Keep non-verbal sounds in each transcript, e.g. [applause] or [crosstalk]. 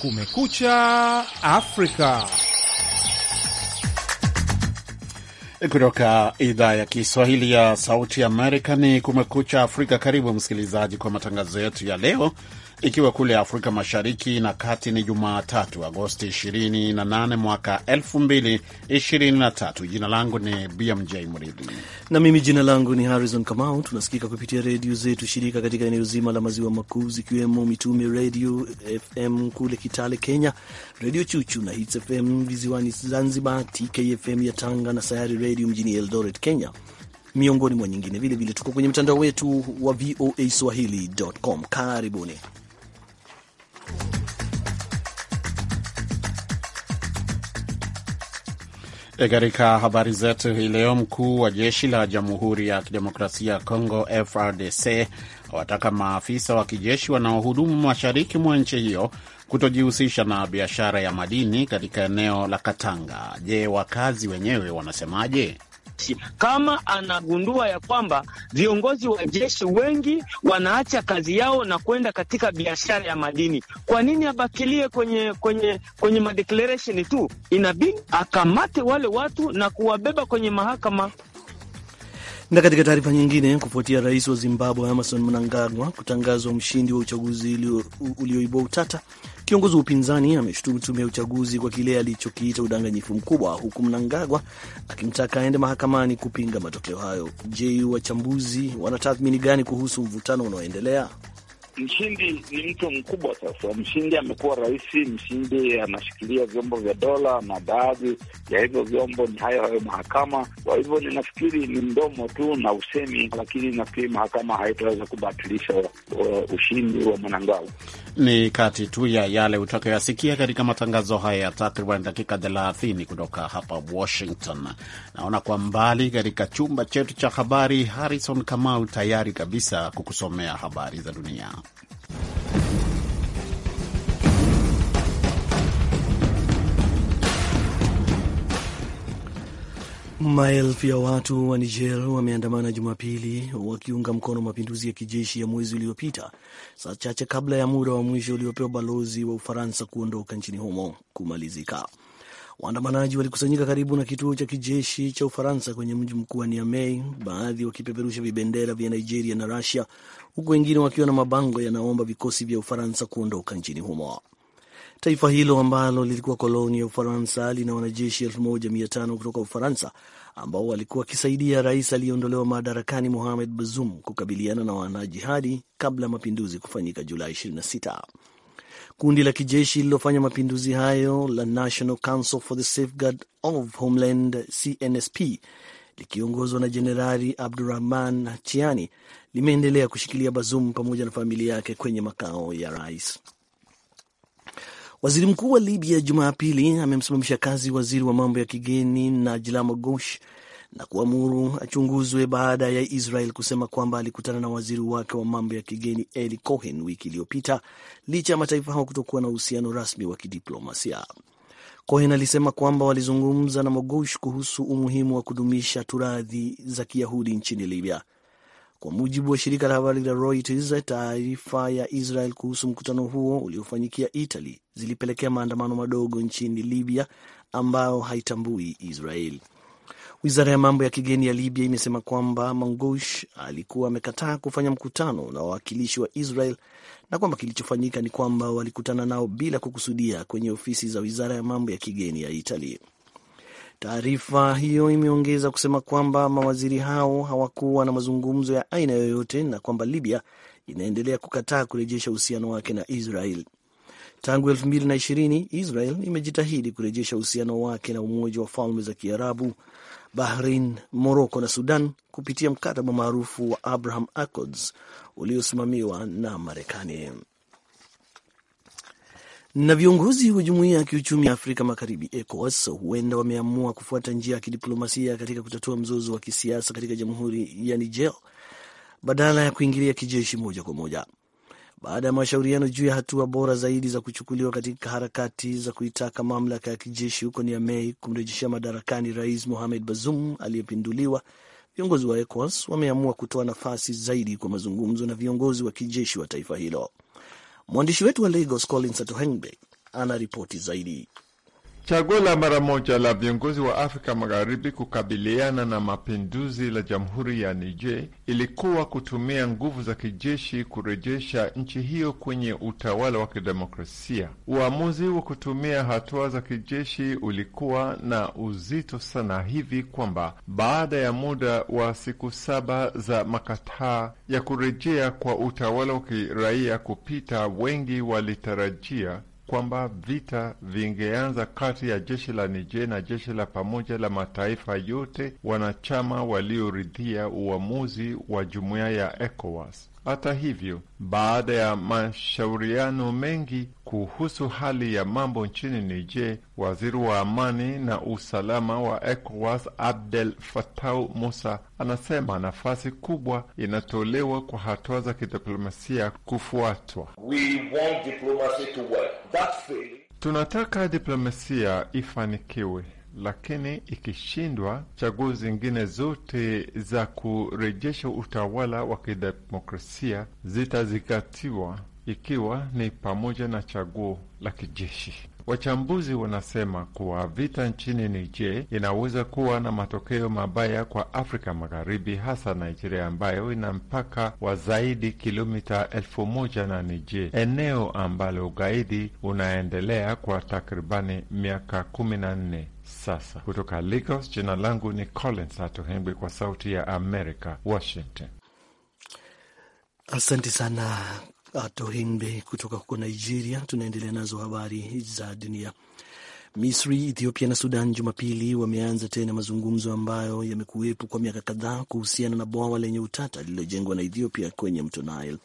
Kumekucha Afrika kutoka idhaa ya Kiswahili ya Sauti Amerika. Ni Kumekucha Afrika. Karibu msikilizaji kwa matangazo yetu ya leo ikiwa kule Afrika Mashariki na Kati ni Jumatatu, Agosti 28 mwaka 2023. Jina langu ni BMJ Mridhi na mimi jina langu ni Harrison Kamau. Tunasikika kupitia redio zetu shirika katika eneo zima la maziwa makuu zikiwemo Mitume Redio FM kule Kitale Kenya, Redio Chuchu na Hits FM visiwani Zanzibar, TKFM ya Tanga na Sayari Redio mjini Eldoret, Kenya, miongoni mwa nyingine. Vilevile tuko kwenye mtandao wetu wa VOA Swahili.com. Karibuni. E, katika habari zetu hii leo, mkuu wa jeshi la Jamhuri ya Kidemokrasia ya Kongo FRDC awataka maafisa wa kijeshi wanaohudumu mashariki mwa nchi hiyo kutojihusisha na biashara ya madini katika eneo la Katanga. Je, wakazi wenyewe wanasemaje? kama anagundua ya kwamba viongozi wa jeshi wengi wanaacha kazi yao na kwenda katika biashara ya madini, kwa nini abakilie kwenye kwenye kwenye madeclaration tu? Inabidi akamate wale watu na kuwabeba kwenye mahakama. Na katika taarifa nyingine, kufuatia rais wa Zimbabwe Emmerson Mnangagwa kutangazwa mshindi wa uchaguzi ulioibua utata, Kiongozi wa upinzani ameshutumu tume ya uchaguzi kwa kile alichokiita udanganyifu mkubwa, huku Mnangagwa akimtaka aende mahakamani kupinga matokeo hayo. Je, wachambuzi wanatathmini gani kuhusu mvutano unaoendelea? Mshindi ni mtu mkubwa sasa. Mshindi amekuwa rais, mshindi anashikilia vyombo vya dola, na baadhi ya hivyo vyombo ni hayo hayo mahakama. Kwa hivyo ninafikiri ni mdomo tu na usemi, lakini nafikiri mahakama haitaweza kubatilisha uh, ushindi wa Mnangagwa. Ni kati tu ya yale utakayoyasikia katika matangazo haya ya takriban dakika thelathini kutoka hapa Washington. Naona kwa mbali katika chumba chetu cha habari, Harrison Kamau tayari kabisa kukusomea habari za dunia. Maelfu ya watu wa Niger wameandamana Jumapili wakiunga mkono mapinduzi ya kijeshi ya mwezi uliopita, saa chache kabla ya muda wa mwisho uliopewa balozi wa Ufaransa kuondoka nchini humo kumalizika. Waandamanaji walikusanyika karibu na kituo cha kijeshi cha Ufaransa kwenye mji mkuu wa Niamey, baadhi wakipeperusha vibendera vya Nigeria na rasia huku wengine wakiwa na mabango yanaomba vikosi vya Ufaransa kuondoka nchini humo. Taifa hilo ambalo lilikuwa koloni ya Ufaransa lina wanajeshi 15 kutoka Ufaransa ambao walikuwa wakisaidia rais aliyeondolewa madarakani Mohamed Bazoum kukabiliana na wanajihadi kabla ya mapinduzi kufanyika Julai 26. Kundi la kijeshi lililofanya mapinduzi hayo la National Council for the Safeguard of Homeland CNSP likiongozwa na Jenerali Abdurahman Tiani limeendelea kushikilia Bazum pamoja na familia yake kwenye makao ya rais. Waziri mkuu wa Libya Jumapili amemsimamisha kazi waziri wa mambo ya kigeni Najla Maghoush na kuamuru achunguzwe baada ya Israel kusema kwamba alikutana na waziri wake wa mambo ya kigeni Eli Cohen wiki iliyopita licha ya mataifa hao kutokuwa na uhusiano rasmi wa kidiplomasia. Cohen alisema kwamba walizungumza na Mogush kuhusu umuhimu wa kudumisha turadhi za Kiyahudi nchini Libya. Kwa mujibu wa shirika la habari la Reuters, taarifa ya Israel kuhusu mkutano huo uliofanyikia Italy zilipelekea maandamano madogo nchini Libya ambayo haitambui Israel. Wizara ya mambo ya kigeni ya Libya imesema kwamba Mangush alikuwa amekataa kufanya mkutano na wawakilishi wa Israel na kwamba kilichofanyika ni kwamba walikutana nao bila kukusudia kwenye ofisi za wizara ya mambo ya kigeni ya Italia. Taarifa hiyo imeongeza kusema kwamba mawaziri hao hawakuwa na mazungumzo ya aina yoyote na kwamba Libya inaendelea kukataa kurejesha uhusiano wake na Israel. Tangu 2020 Israel imejitahidi kurejesha uhusiano wake na Umoja wa Falme za Kiarabu Bahrain, Morocco na Sudan kupitia mkataba maarufu wa Abraham Accords uliosimamiwa na Marekani. Na viongozi wa jumuiya ya kiuchumi ya Afrika Magharibi, ECOWAS, huenda wameamua kufuata njia ya kidiplomasia katika kutatua mzozo wa kisiasa katika jamhuri ya Niger badala ya kuingilia kijeshi moja kwa moja baada ya mashauriano juu ya hatua bora zaidi za kuchukuliwa katika harakati za kuitaka mamlaka ya kijeshi huko Niamey kumrejeshia madarakani Rais Mohamed Bazoum aliyepinduliwa. Viongozi wa ECOWAS wameamua kutoa nafasi zaidi kwa mazungumzo na viongozi wa kijeshi wa taifa hilo. Mwandishi wetu wa Lagos Collins Atohengbe ana ripoti zaidi. Chaguo la mara moja la viongozi wa Afrika Magharibi kukabiliana na mapinduzi la Jamhuri ya Niger ilikuwa kutumia nguvu za kijeshi kurejesha nchi hiyo kwenye utawala wa kidemokrasia. Uamuzi wa kutumia hatua za kijeshi ulikuwa na uzito sana hivi kwamba baada ya muda wa siku saba za makataa ya kurejea kwa utawala wa kiraia kupita, wengi walitarajia kwamba vita vingeanza kati ya jeshi la Niger na jeshi la pamoja la mataifa yote wanachama walioridhia uamuzi wa jumuiya ya ECOWAS. Hata hivyo, baada ya mashauriano mengi kuhusu hali ya mambo nchini Niger, waziri wa amani na usalama wa ECOWAS Abdel Fatau Musa anasema nafasi kubwa inatolewa kwa hatua za kidiplomasia kufuatwa. We want diplomacy to work. That's tunataka diplomasia ifanikiwe lakini ikishindwa chaguo zingine zote za kurejesha utawala wa kidemokrasia zitazingatiwa, ikiwa ni pamoja na chaguo la kijeshi. Wachambuzi wanasema kuwa vita nchini Niger inaweza kuwa na matokeo mabaya kwa Afrika Magharibi, hasa Nigeria ambayo ina mpaka wa zaidi kilomita elfu moja na Niger, eneo ambalo ugaidi unaendelea kwa takribani miaka kumi na nne sasa. Kutoka Lagos, jina langu ni Collins Atohengwi kwa Sauti ya Amerika, Washington. Asante sana Atohimbe ah, kutoka huko Nigeria. Tunaendelea nazo habari za dunia. Misri, Ethiopia na Sudan Jumapili wameanza tena mazungumzo ambayo yamekuwepo kwa miaka kadhaa kuhusiana na bwawa lenye utata lililojengwa na Ethiopia kwenye mto Nile.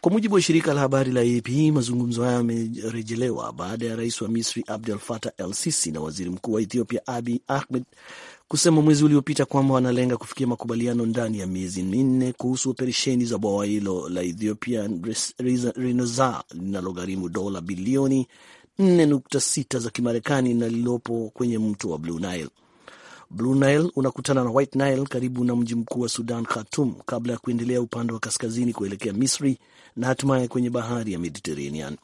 Kwa mujibu wa shirika la habari la AP, mazungumzo hayo yamerejelewa baada ya rais wa Misri Abdel Fattah El Sisi na waziri mkuu wa Ethiopia Abiy Ahmed kusema mwezi uliopita kwamba wanalenga kufikia makubaliano ndani ya miezi minne kuhusu operesheni za bwawa hilo la Ethiopian Renaissance linalogharimu dola bilioni 4.6 za Kimarekani na lililopo kwenye mto wa Blue Nile. Blue Nile unakutana na White Nile karibu na mji mkuu wa Sudan, Khartoum, kabla ya kuendelea upande wa kaskazini kuelekea Misri na hatimaye kwenye bahari ya Mediterranean.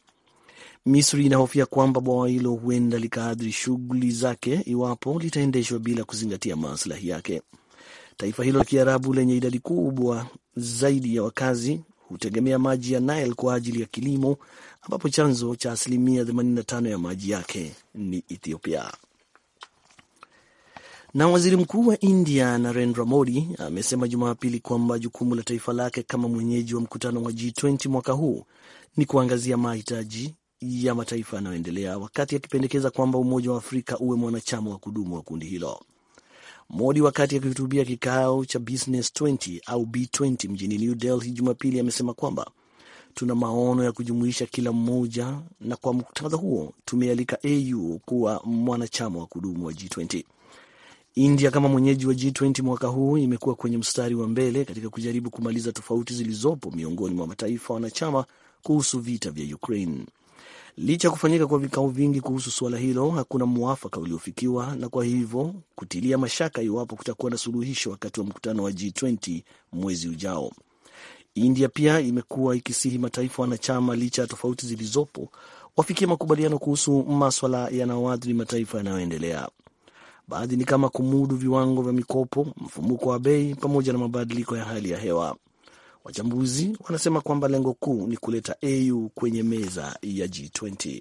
Misri inahofia kwamba bwawa hilo huenda likaadhiri shughuli zake iwapo litaendeshwa bila kuzingatia maslahi yake. Taifa hilo la Kiarabu lenye idadi kubwa zaidi ya wakazi hutegemea maji ya Nile kwa ajili ya kilimo, ambapo chanzo cha asilimia 85 ya maji yake ni Ethiopia. Na waziri mkuu wa India Narendra Modi amesema Jumapili kwamba jukumu la taifa lake kama mwenyeji wa mkutano wa G20 mwaka huu ni kuangazia mahitaji ya Mataifa yanayoendelea wakati akipendekeza kwamba Umoja wa Afrika uwe mwanachama wa kudumu wa kundi hilo. Modi wakati akihutubia kikao cha Business 20 au B20 mjini New Delhi Jumapili amesema kwamba tuna maono ya kujumuisha kila mmoja, na kwa muktadha huo tumealika AU kuwa mwanachama wa kudumu wa G20. India kama mwenyeji wa G20 mwaka huu imekuwa kwenye mstari wa mbele katika kujaribu kumaliza tofauti zilizopo miongoni mwa mataifa wanachama kuhusu vita vya Ukraine. Licha ya kufanyika kwa vikao vingi kuhusu suala hilo, hakuna mwafaka uliofikiwa na kwa hivyo kutilia mashaka iwapo kutakuwa na suluhisho wakati wa mkutano wa G20 mwezi ujao. India pia imekuwa ikisihi mataifa wanachama, licha ya tofauti zilizopo, wafikie makubaliano kuhusu maswala yanayoathiri mataifa yanayoendelea. Baadhi ni kama kumudu viwango vya mikopo, mfumuko wa bei, pamoja na mabadiliko ya hali ya hewa. Wachambuzi wanasema kwamba lengo kuu ni kuleta AU kwenye meza ya G20.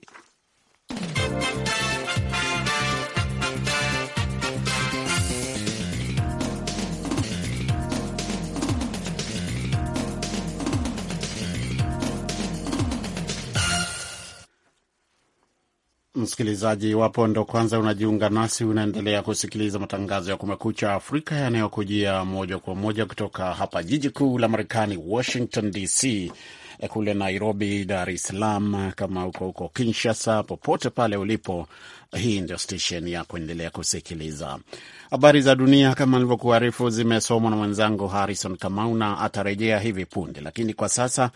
Msikilizaji, iwapo ndo kwanza unajiunga nasi, unaendelea kusikiliza matangazo ya Kumekucha Afrika yanayokujia moja kwa moja kutoka hapa jiji kuu la Marekani, Washington DC, kule Nairobi, Dar es Salaam, kama huko huko Kinshasa, popote pale ulipo, hii ndio stesheni ya kuendelea kusikiliza habari za dunia kama alivyokuarifu, zimesomwa na mwenzangu Harrison Kamau na atarejea hivi punde. Lakini kwa sasa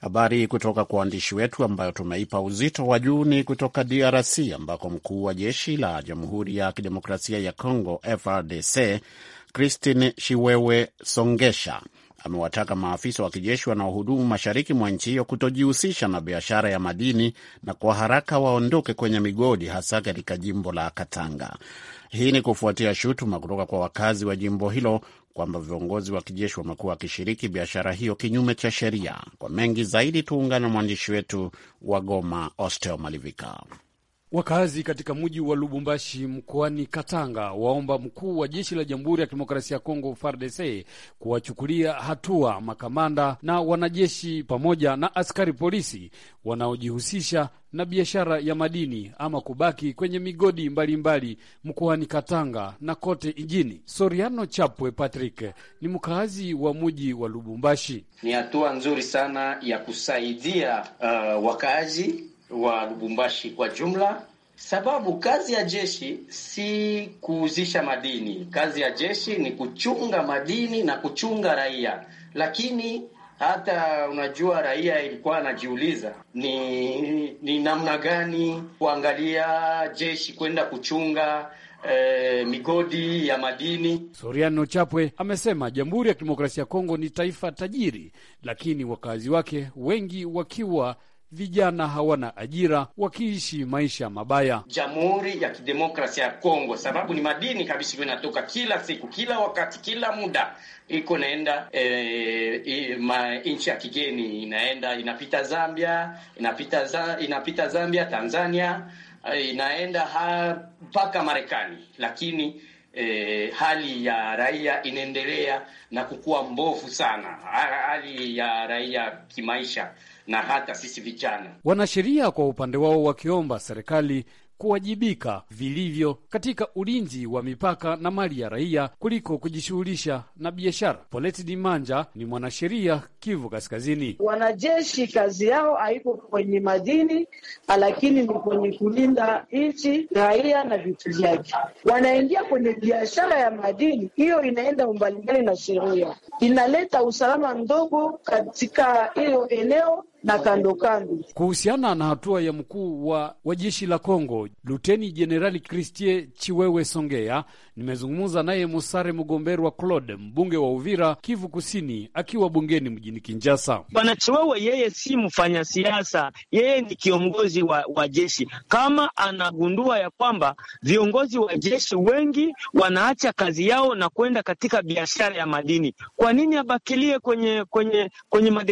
habari kutoka kwa waandishi wetu ambayo tumeipa uzito wa juu ni kutoka DRC ambako mkuu wa jeshi la Jamhuri ya Kidemokrasia ya Kongo frdc Christine Shiwewe Songesha amewataka maafisa wa kijeshi wanaohudumu mashariki mwa nchi hiyo kutojihusisha na biashara ya madini na kwa haraka waondoke kwenye migodi hasa katika jimbo la Katanga. Hii ni kufuatia shutuma kutoka kwa wakazi wa jimbo hilo kwamba viongozi wa kijeshi wamekuwa wakishiriki biashara hiyo kinyume cha sheria. Kwa mengi zaidi, tuungane na mwandishi wetu wa Goma, Ostel Malivika. Wakazi katika mji wa Lubumbashi mkoani Katanga waomba mkuu wa jeshi la Jamhuri ya Kidemokrasia ya Kongo FARDC kuwachukulia hatua makamanda na wanajeshi pamoja na askari polisi wanaojihusisha na biashara ya madini ama kubaki kwenye migodi mbalimbali mkoani Katanga na kote nchini. Soriano Chapwe Patrick ni mkaazi wa mji wa Lubumbashi. Ni hatua nzuri sana ya kusaidia uh, wakaazi wa Lubumbashi kwa jumla, sababu kazi ya jeshi si kuuzisha madini. Kazi ya jeshi ni kuchunga madini na kuchunga raia, lakini hata unajua, raia ilikuwa anajiuliza ni, ni namna gani kuangalia jeshi kwenda kuchunga E, migodi ya madini. Soriano Chapwe amesema Jamhuri ya Kidemokrasia ya Kongo ni taifa tajiri, lakini wakazi wake wengi wakiwa vijana hawana ajira, wakiishi maisha mabaya Jamhuri ya Kidemokrasia ya Kongo, sababu ni madini kabisa hiyo inatoka kila siku, kila wakati, kila muda iko naenda e, e, nchi ya kigeni inaenda inapita Zambia inapita, za, inapita Zambia Tanzania eh, inaenda mpaka Marekani, lakini E, hali ya raia inaendelea na kukua mbovu sana, hali ya raia kimaisha na hata sisi vijana. Wanasheria kwa upande wao wakiomba serikali kuwajibika vilivyo katika ulinzi wa mipaka na mali ya raia kuliko kujishughulisha na biashara. Poleti Dimanja ni mwanasheria Kivu Kaskazini. Wanajeshi kazi yao haiko kwenye madini, lakini ni kwenye kulinda nchi, raia na vitu vyake. Wanaingia kwenye biashara ya madini, hiyo inaenda umbalimbali na sheria, inaleta usalama ndogo katika hiyo eneo na kando kando. Kuhusiana na hatua ya mkuu wa, wa jeshi la Kongo Luteni Jenerali Christie Chiwewe Songea, nimezungumza naye Musare wa Claude, mbunge wa Uvira, Kivu Kusini, akiwa bungeni mjini Kinjasa. Bwana Chiwewe yeye si mfanya siasa, yeye ni kiongozi wa, wa jeshi. Kama anagundua ya kwamba viongozi wa jeshi wengi wanaacha kazi yao na kwenda katika biashara ya madini, kwa nini abakilie kwenye kwenye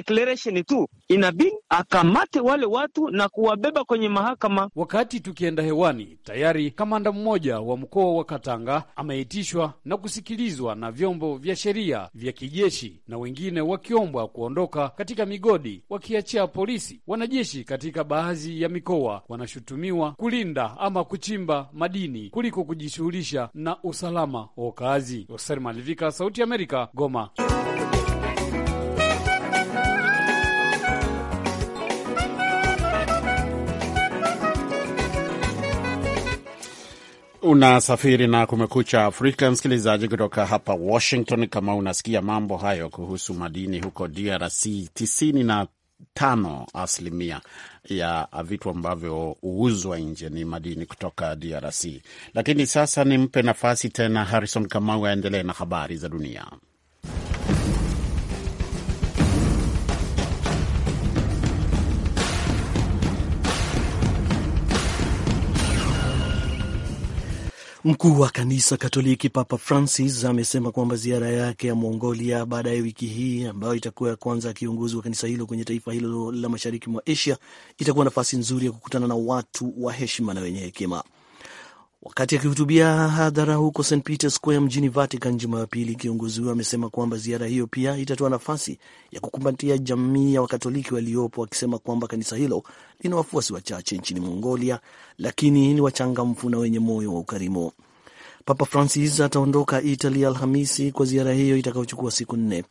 kwenye tu ina Kijabi akamate wale watu na kuwabeba kwenye mahakama. Wakati tukienda hewani, tayari kamanda mmoja wa mkoa wa Katanga ameitishwa na kusikilizwa na vyombo vya sheria vya kijeshi na wengine wakiombwa kuondoka katika migodi, wakiachia polisi. Wanajeshi katika baadhi ya mikoa wanashutumiwa kulinda ama kuchimba madini kuliko kujishughulisha na usalama wa wakazi. Malivika, Sauti ya Amerika, Goma. Unasafiri na Kumekucha Afrika, msikilizaji, kutoka hapa Washington. Kama unasikia mambo hayo kuhusu madini huko DRC, tisini na tano asilimia ya vitu ambavyo huuzwa nje ni madini kutoka DRC. Lakini sasa nimpe nafasi tena Harrison Kamau aendelee na habari za dunia. Mkuu wa kanisa Katoliki Papa Francis amesema kwamba ziara yake ya Mongolia baadaye wiki hii, ambayo itakuwa ya kwanza ya kiongozi wa kanisa hilo kwenye taifa hilo la mashariki mwa Asia, itakuwa nafasi nzuri ya kukutana na watu wa heshima na wenye hekima. Wakati akihutubia hadhara huko St Peter Square mjini Vatican Jumapili, kiongozi huyo amesema kwamba ziara hiyo pia itatoa nafasi ya kukumbatia jamii ya Wakatoliki waliopo, akisema kwamba kanisa hilo lina wafuasi wachache nchini Mongolia, lakini ni wachangamfu na wenye moyo wa ukarimu. Papa Francis ataondoka Italy Alhamisi kwa ziara hiyo itakayochukua siku nne.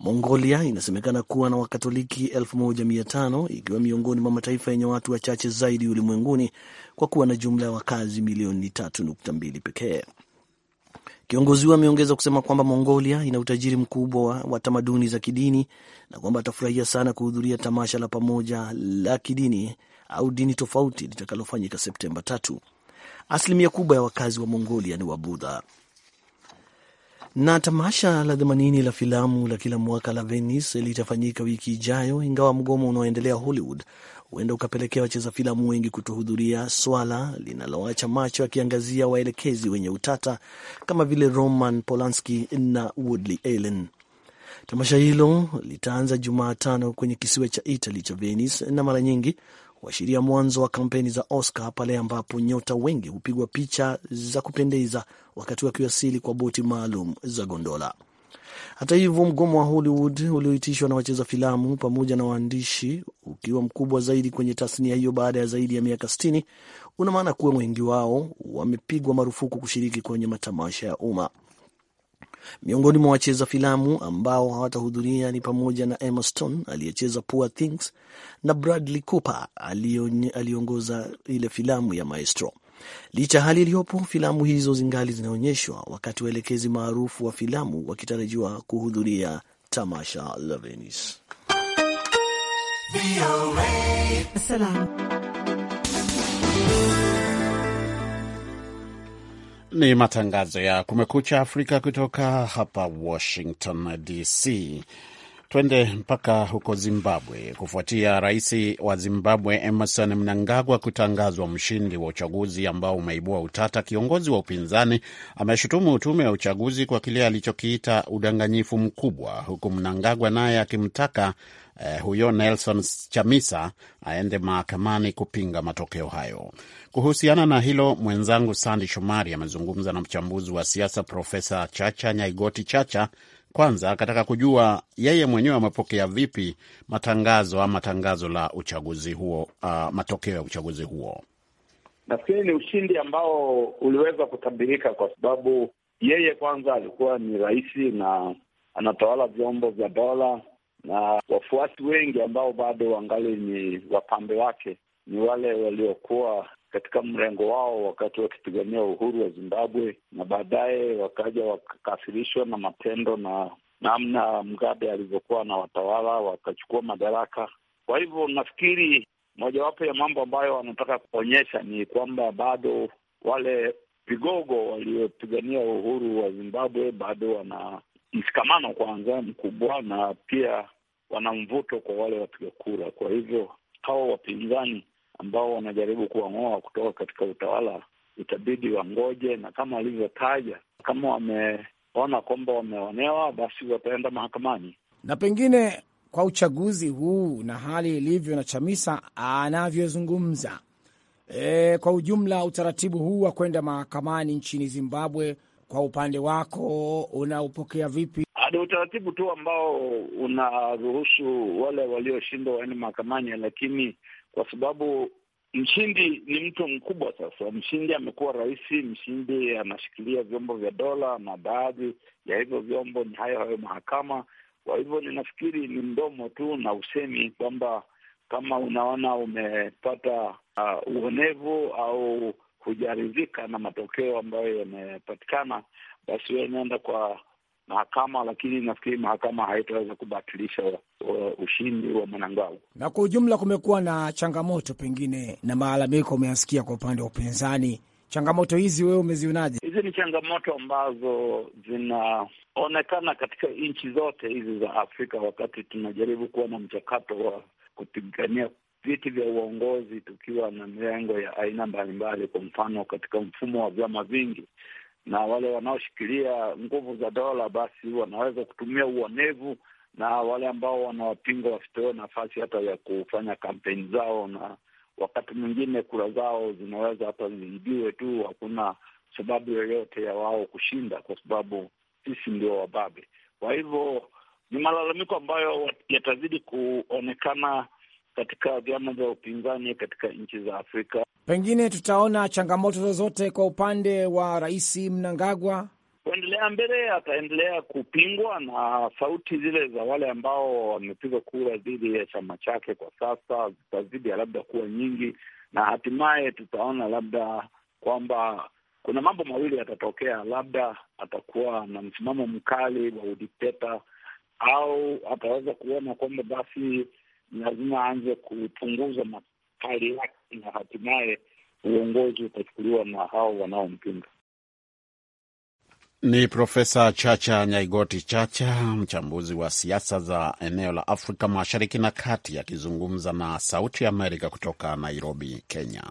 Mongolia inasemekana kuwa na Wakatoliki 1500 ikiwa miongoni mwa mataifa yenye watu wachache zaidi ulimwenguni kwa kuwa na jumla ya wakazi milioni 3.2 pekee. Kiongozi huyo ameongeza kusema kwamba Mongolia ina utajiri mkubwa wa tamaduni za kidini na kwamba atafurahia sana kuhudhuria tamasha la pamoja la kidini au dini tofauti litakalofanyika Septemba tatu. Asilimia kubwa ya wakazi wa Mongolia ni Wabudha. Na tamasha la themanini la filamu la kila mwaka la Venice litafanyika wiki ijayo, ingawa mgomo unaoendelea Hollywood huenda ukapelekea wacheza filamu wengi kutohudhuria, swala linaloacha macho akiangazia waelekezi wenye utata kama vile Roman Polanski na Woody Allen. Tamasha hilo litaanza Jumatano kwenye kisiwa cha Italy cha Venice na mara nyingi kuashiria mwanzo wa kampeni za Oscar pale ambapo nyota wengi hupigwa picha za kupendeza wakati wakiwasili kwa boti maalum za gondola. Hata hivyo, mgomo wa Hollywood ulioitishwa na wacheza filamu pamoja na waandishi ukiwa mkubwa zaidi kwenye tasnia hiyo baada ya zaidi ya miaka 60 una maana kuwa wengi wao wamepigwa marufuku kushiriki kwenye matamasha ya umma. Miongoni mwa wacheza filamu ambao hawatahudhuria ni pamoja na Emma Stone aliyecheza Poor Things na Bradley Cooper aliyeongoza ile filamu ya Maestro. Licha ya hali iliyopo, filamu hizo zingali zinaonyeshwa, wakati waelekezi maarufu wa filamu wakitarajiwa kuhudhuria tamasha la Venice. Ni matangazo ya Kumekucha Afrika kutoka hapa Washington DC. Twende mpaka huko Zimbabwe kufuatia rais wa Zimbabwe Emerson Mnangagwa kutangazwa mshindi wa uchaguzi ambao umeibua utata. Kiongozi wa upinzani ameshutumu tume ya uchaguzi kwa kile alichokiita udanganyifu mkubwa, huku Mnangagwa naye akimtaka eh, huyo Nelson Chamisa aende mahakamani kupinga matokeo hayo. Kuhusiana na hilo, mwenzangu Sandi Shomari amezungumza na mchambuzi wa siasa Profesa Chacha Nyaigoti Chacha kwanza akataka kujua yeye mwenyewe amepokea vipi matangazo ama tangazo la uchaguzi huo, uh, matokeo ya uchaguzi huo. Nafikiri ni ushindi ambao uliweza kutabirika kwa sababu yeye kwanza alikuwa ni rais na anatawala vyombo vya dola na wafuasi wengi ambao bado wangali ni wapambe wake ni wale waliokuwa katika mrengo wao wakati wakipigania uhuru wa Zimbabwe na baadaye wakaja wakakafirishwa na matendo na namna Mgabe alivyokuwa na watawala wakachukua madaraka. Kwa hivyo nafikiri mojawapo ya mambo ambayo wanataka kuonyesha ni kwamba bado wale vigogo waliopigania uhuru wa Zimbabwe bado wana mshikamano kwanza mkubwa, na pia wana mvuto kwa wale wapiga kura. Kwa hivyo hawa wapinzani ambao wanajaribu kuwang'oa kutoka katika utawala itabidi wangoje, na kama alivyotaja, kama wameona kwamba wameonewa, basi wataenda mahakamani. Na pengine kwa uchaguzi huu na hali ilivyo na Chamisa anavyozungumza, e, kwa ujumla utaratibu huu wa kwenda mahakamani nchini Zimbabwe kwa upande wako unaupokea vipi? Ni utaratibu tu ambao unaruhusu wale walioshindwa waende mahakamani, lakini kwa sababu mshindi ni mtu mkubwa. Sasa mshindi amekuwa rais, mshindi anashikilia vyombo vya dola, na baadhi ya hivyo vyombo ni hayo hayo mahakama. Kwa hivyo ninafikiri ni mdomo tu na usemi kwamba kama unaona umepata uh, uonevu au hujaridhika na matokeo ambayo yamepatikana, basi wewe inaenda kwa mahakama, lakini nafikiri mahakama haitaweza kubatilisha ushindi wa Mnangagwa. Na kwa ujumla, kumekuwa na changamoto pengine na malalamiko umeyasikia kwa upande wa upinzani. Changamoto hizi wewe umezionaje? Hizi ni changamoto ambazo zinaonekana katika nchi zote hizi za Afrika wakati tunajaribu kuwa na mchakato wa kupigania viti vya uongozi tukiwa na mirengo ya aina mbalimbali, kwa mfano katika mfumo wa vyama vingi, na wale wanaoshikilia nguvu za dola basi wanaweza kutumia uonevu, na wale ambao wanawapinga wasitoe nafasi hata ya kufanya kampeni zao, na wakati mwingine kura zao zinaweza hata ziibiwe tu, hakuna sababu yoyote ya wao kushinda, kwa sababu sisi ndio wababe. Kwa hivyo ni malalamiko ambayo yatazidi kuonekana katika vyama vya upinzani katika nchi za Afrika. Pengine tutaona changamoto zozote kwa upande wa Rais Mnangagwa kuendelea mbele, ataendelea kupingwa na sauti zile za wale ambao wamepiga kura dhidi ya chama chake kwa sasa zitazidi labda kuwa nyingi, na hatimaye tutaona labda kwamba kuna mambo mawili yatatokea, labda atakuwa na msimamo mkali wa udikteta au ataweza kuona kwamba basi lazima aanze kupunguza makali yake na hatimaye uongozi utachukuliwa na hao wanaompinga. Ni Profesa Chacha Nyaigoti Chacha, mchambuzi wa siasa za eneo la Afrika Mashariki na Kati, akizungumza na Sauti ya Amerika kutoka Nairobi, Kenya.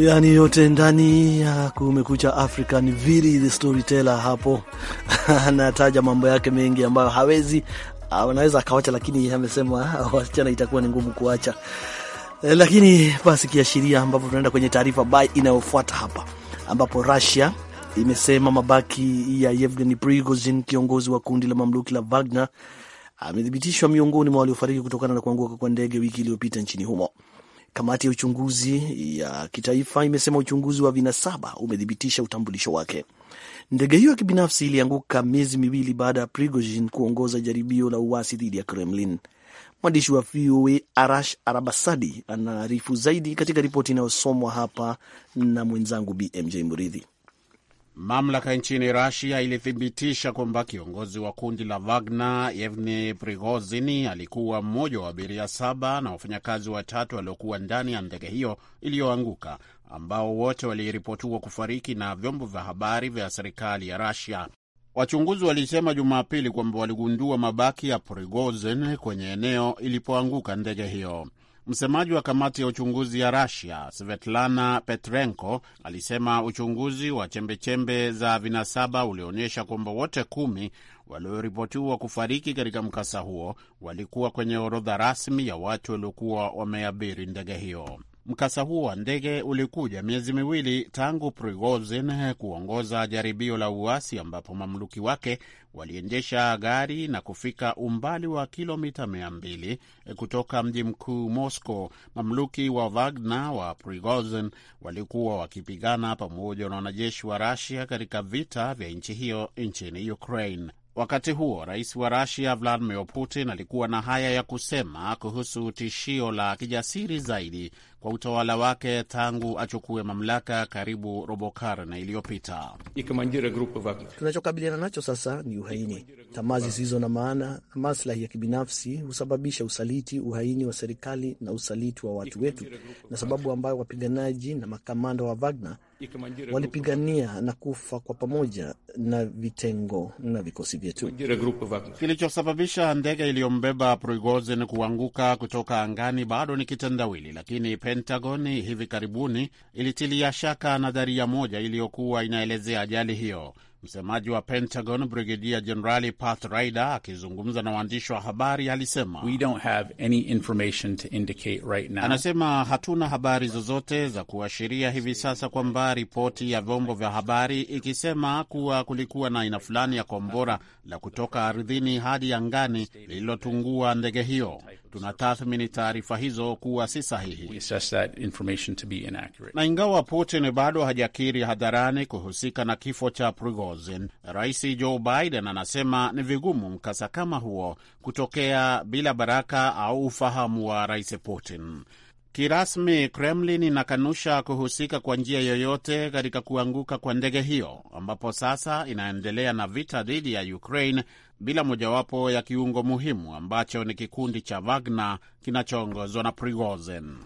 Yani yote ndani ya Kumekucha Afrika ni Viri the storyteller hapo [laughs] anataja mambo yake mengi ambayo hawezi anaweza akawacha, lakini amesema ah, wasichana itakuwa ni ngumu kuacha. Eh, lakini basi kiashiria, ambapo tunaenda kwenye taarifa bai inayofuata hapa, ambapo Russia imesema mabaki ya Yevgeny Prigozhin, kiongozi wa kundi la mamluki la Wagner, amethibitishwa miongoni mwa waliofariki kutokana na kuanguka kwa ndege wiki iliyopita nchini humo. Kamati ya uchunguzi ya kitaifa imesema uchunguzi wa vinasaba umethibitisha utambulisho wake. Ndege hiyo ya kibinafsi ilianguka miezi miwili baada ya Prigozhin kuongoza jaribio la uasi dhidi ya Kremlin. Mwandishi wa VOA Arash Arabasadi anaarifu zaidi katika ripoti inayosomwa hapa na mwenzangu BMJ Muridhi. Mamlaka nchini Rasia ilithibitisha kwamba kiongozi wa kundi la Wagner Yevgeny Prigozhin alikuwa mmoja wa abiria saba na wafanyakazi watatu waliokuwa ndani ya ndege hiyo iliyoanguka, ambao wote waliripotiwa kufariki na vyombo vya habari vya serikali ya Rasia. Wachunguzi walisema Jumapili kwamba waligundua mabaki ya Prigozhin kwenye eneo ilipoanguka ndege hiyo. Msemaji wa kamati ya uchunguzi ya rasia Svetlana Petrenko alisema uchunguzi wa chembechembe za vinasaba ulionyesha kwamba wote kumi walioripotiwa kufariki katika mkasa huo walikuwa kwenye orodha rasmi ya watu waliokuwa wameabiri ndege hiyo. Mkasa huo wa ndege ulikuja miezi miwili tangu Prigozhin kuongoza jaribio la uasi ambapo mamluki wake waliendesha gari na kufika umbali wa kilomita mia mbili eh, kutoka mji mkuu Moscow. Mamluki wa Wagner wa Prigozhin walikuwa wakipigana pamoja na wanajeshi wa Rusia katika vita vya nchi hiyo nchini Ukraine. Wakati huo rais wa Rusia Vladimir Putin alikuwa na haya ya kusema kuhusu tishio la kijasiri zaidi kwa utawala wake tangu achukue mamlaka karibu robo karne iliyopita. Tunachokabiliana nacho sasa ni uhaini. Tamaa zisizo na maana na maslahi ya kibinafsi husababisha usaliti, uhaini wa serikali na usaliti wa watu wetu, na sababu ambayo wapiganaji na makamanda wa Wagner walipigania na kufa kwa pamoja na vitengo na vikosi vyetu. Kilichosababisha ndege iliyombeba Prigozhin kuanguka kutoka angani bado ni kitendawili, lakini pentagon hivi karibuni ilitilia shaka nadharia moja iliyokuwa inaelezea ajali hiyo. Msemaji wa Pentagon Brigedia Jenerali Pat Ryder akizungumza na waandishi wa habari alisema We don't have any information to indicate right now. Anasema hatuna habari zozote za kuashiria hivi sasa kwamba ripoti ya vyombo vya habari ikisema kuwa kulikuwa na aina fulani ya kombora la kutoka ardhini hadi angani lililotungua ndege hiyo. Tunatathmini taarifa hizo kuwa si sahihi, na ingawa Putin bado hajakiri hadharani kuhusika na kifo cha Prigozhin, Rais Joe Biden anasema ni vigumu mkasa kama huo kutokea bila baraka au ufahamu wa Rais Putin. Kirasmi, Kremlin inakanusha kuhusika kwa njia yoyote katika kuanguka kwa ndege hiyo, ambapo sasa inaendelea na vita dhidi ya Ukraine bila mojawapo ya kiungo muhimu ambacho ni kikundi cha Wagner kinachoongozwa na Prigozhin.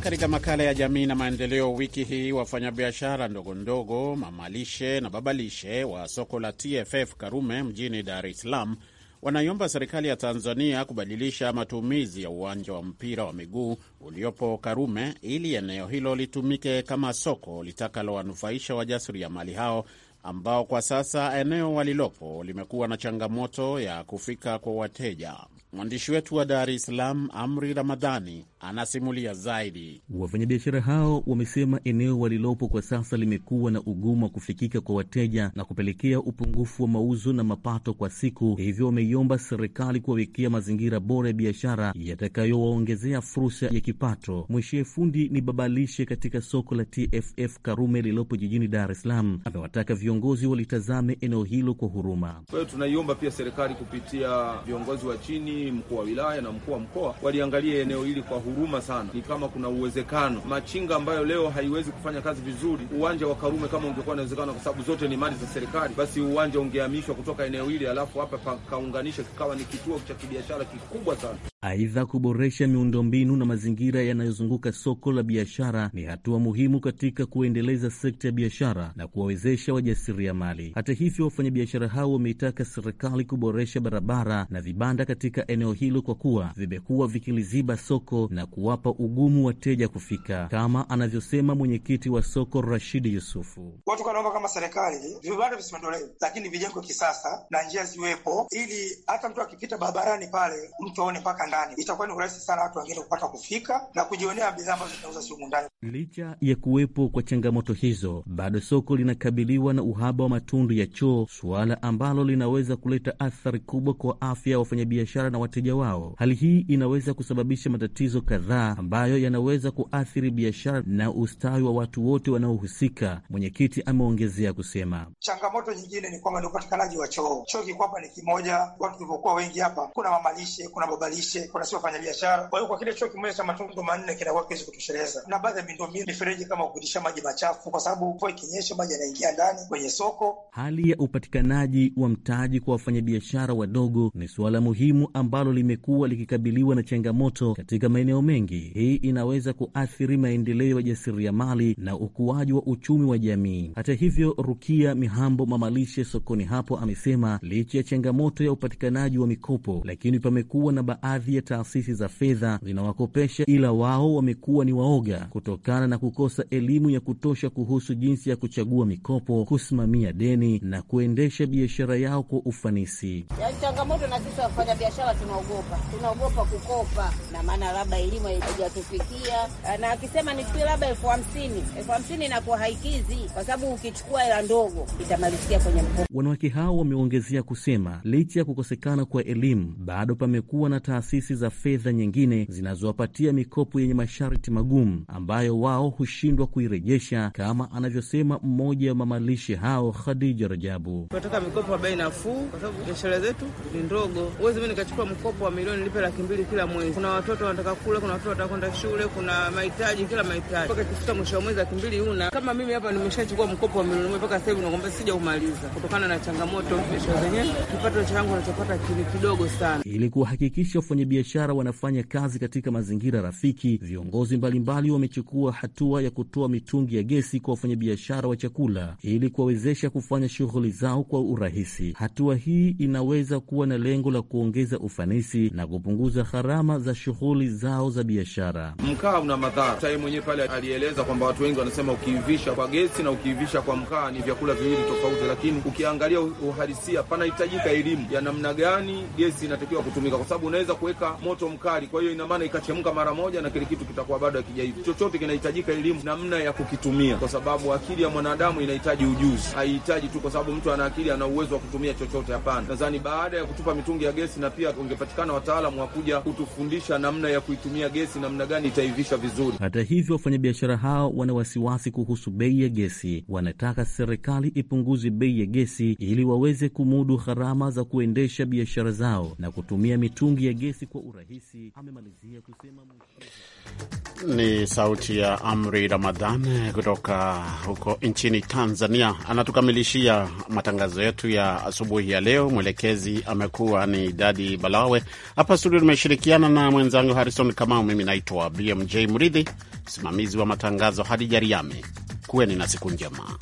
Katika makala ya jamii na maendeleo wiki hii, wafanyabiashara ndogo ndogo, mamalishe na babalishe wa soko la TFF Karume mjini Dar es Salaam wanaiomba serikali ya Tanzania kubadilisha matumizi ya uwanja wa mpira wa miguu uliopo Karume ili eneo hilo litumike kama soko litakalowanufaisha wajasiriamali hao ambao kwa sasa eneo walilopo limekuwa na changamoto ya kufika kwa wateja. Mwandishi wetu wa Dar es Salaam, Amri Ramadhani, anasimulia zaidi. Wafanyabiashara hao wamesema eneo walilopo kwa sasa limekuwa na ugumu wa kufikika kwa wateja na kupelekea upungufu wa mauzo na mapato kwa siku, hivyo wameiomba serikali kuwawekea mazingira bora ya biashara yatakayowaongezea fursa ya kipato. Mwishie Fundi ni babalishe katika soko la TFF Karume lililopo jijini Dar es Salaam, amewataka viongozi walitazame eneo hilo kwa huruma. Kwa hiyo tunaiomba pia serikali kupitia viongozi wa chini, mkuu wa wilaya na mkuu wa mkoa, waliangalie eneo hili kwa huruma huruma sana. Ni kama kuna uwezekano machinga ambayo leo haiwezi kufanya kazi vizuri, uwanja wa Karume kama ungekuwa inawezekana, kwa sababu zote ni mali za serikali, basi uwanja ungehamishwa kutoka eneo hili, alafu hapa pakaunganisha, kikawa ni kituo cha kibiashara kikubwa sana. Aidha, kuboresha miundombinu na mazingira yanayozunguka soko la biashara ni hatua muhimu katika kuendeleza sekta ya biashara na kuwawezesha wajasiriamali. Hata hivyo, wafanyabiashara hao wameitaka serikali kuboresha barabara na vibanda katika eneo hilo kwa kuwa vimekuwa vikiliziba soko na kuwapa ugumu wateja kufika, kama anavyosema mwenyekiti wa soko Rashidi Yusufu. Watu wanaomba kama serikali vibanda visimetolewe, lakini vijengwe kisasa na njia ziwepo, ili hata mtu akipita barabarani pale mtu aone mpaka ndani, itakuwa ni urahisi sana watu wengine kupata kufika na kujionea bidhaa ambazo zinauza sehemu ndani. Licha ya kuwepo kwa changamoto hizo, bado soko linakabiliwa na uhaba wa matundu ya choo, suala ambalo linaweza kuleta athari kubwa kwa afya ya wafanyabiashara na wateja wao. Hali hii inaweza kusababisha matatizo kadhaa ambayo yanaweza kuathiri biashara na ustawi wa watu wote wanaohusika. Mwenyekiti ameongezea kusema changamoto nyingine ni kwamba ni upatikanaji wa choo. Choo kikwapa ni kimoja, watu tulivyokuwa wengi hapa, kuna mamalishe, kuna babalishe sisi kuna sio wafanyabiashara. Kwa hiyo kwa kile chuo kimoja cha matundu manne kinakuwa kiwezi kutosheleza, na baadhi ya miundombinu mifereji kama kupitisha maji machafu, kwa sababu mvua ikinyesha maji yanaingia ndani kwenye soko. Hali ya upatikanaji wa mtaji kwa wafanyabiashara wadogo ni suala muhimu ambalo limekuwa likikabiliwa na changamoto katika maeneo mengi. Hii inaweza kuathiri maendeleo ya jasiriamali na ukuaji wa uchumi wa jamii. Hata hivyo, Rukia Mihambo, mamalishe sokoni hapo, amesema licha ya changamoto ya upatikanaji wa mikopo, lakini pamekuwa na baadhi baadhi ya taasisi za fedha zinawakopesha, ila wao wamekuwa ni waoga kutokana na kukosa elimu ya kutosha kuhusu jinsi ya kuchagua mikopo, kusimamia deni na kuendesha biashara yao kwa ufanisi. Yani changamoto na sisi wafanya biashara tunaogopa, tunaogopa kukopa, na maana labda elimu haijatufikia, na akisema nichukue labda elfu hamsini elfu hamsini inakuwa haikizi, kwa sababu ukichukua hela ndogo itamalizikia kwenye mkopo. Wanawake hao wameongezea kusema licha ya kukosekana kwa elimu, bado pamekuwa na taasisi taasisi za fedha nyingine zinazowapatia mikopo yenye masharti magumu ambayo wao hushindwa kuirejesha, kama anavyosema mmoja wa mamalishi hao, Khadija Rajabu. Tunataka mikopo ya bei nafuu kwa sababu biashara zetu ni ndogo. Uwezi mi nikachukua mkopo wa milioni lipe laki mbili kila mwezi. Kuna watoto wanataka kula, kuna watoto wanataka shule, kuna mahitaji, kila mahitaji mpaka ikifika mwisho wa mwezi laki mbili una kama mimi hapa nimeshachukua mkopo wa milioni mpaka sasa hivi nakwambia sijaumaliza kutokana na changamoto biashara zenyewe, kipato changu nachopata kini kidogo sana. Ili kuhakikisha wafanya wafanyabiashara wanafanya kazi katika mazingira rafiki, viongozi mbalimbali wamechukua hatua ya kutoa mitungi ya gesi kwa wafanyabiashara wa chakula ili kuwawezesha kufanya shughuli zao kwa urahisi. Hatua hii inaweza kuwa na lengo la kuongeza ufanisi na kupunguza gharama za shughuli zao za biashara. Mkaa una madhara, sai mwenyewe pale alieleza kwamba watu wengi wanasema ukiivisha kwa gesi na ukiivisha kwa mkaa ni vyakula viwili tofauti, lakini ukiangalia uhalisia, panahitajika elimu ya namna gani gesi inatakiwa kutumika, kwa sababu unaweza kuweka ikishika moto mkali. Kwa hiyo ina maana ikachemka mara moja, na kile kitu kitakuwa bado hakijaiva. Chochote kinahitajika elimu, namna ya kukitumia, kwa sababu akili ya mwanadamu inahitaji ujuzi, haihitaji tu kwa sababu mtu ana akili ana uwezo wa kutumia chochote. Hapana. Nadhani baada ya kutupa mitungi ya gesi, na pia ungepatikana wataalamu wa kuja kutufundisha namna ya kuitumia gesi, namna gani itaivisha vizuri. Hata hivyo, wafanyabiashara hao wana wasiwasi kuhusu bei ya gesi, wanataka serikali ipunguze bei ya gesi ili waweze kumudu gharama za kuendesha biashara zao na kutumia mitungi ya gesi basi kwa urahisi amemalizia kusema Ni sauti ya Amri Ramadhan kutoka huko nchini Tanzania, anatukamilishia matangazo yetu ya asubuhi ya leo. Mwelekezi amekuwa ni Dadi Balawe. Hapa studio nimeshirikiana na mwenzangu Harrison Kamau. Mimi naitwa BMJ Mridhi, msimamizi wa matangazo Hadija Riami. Kuweni na siku njema.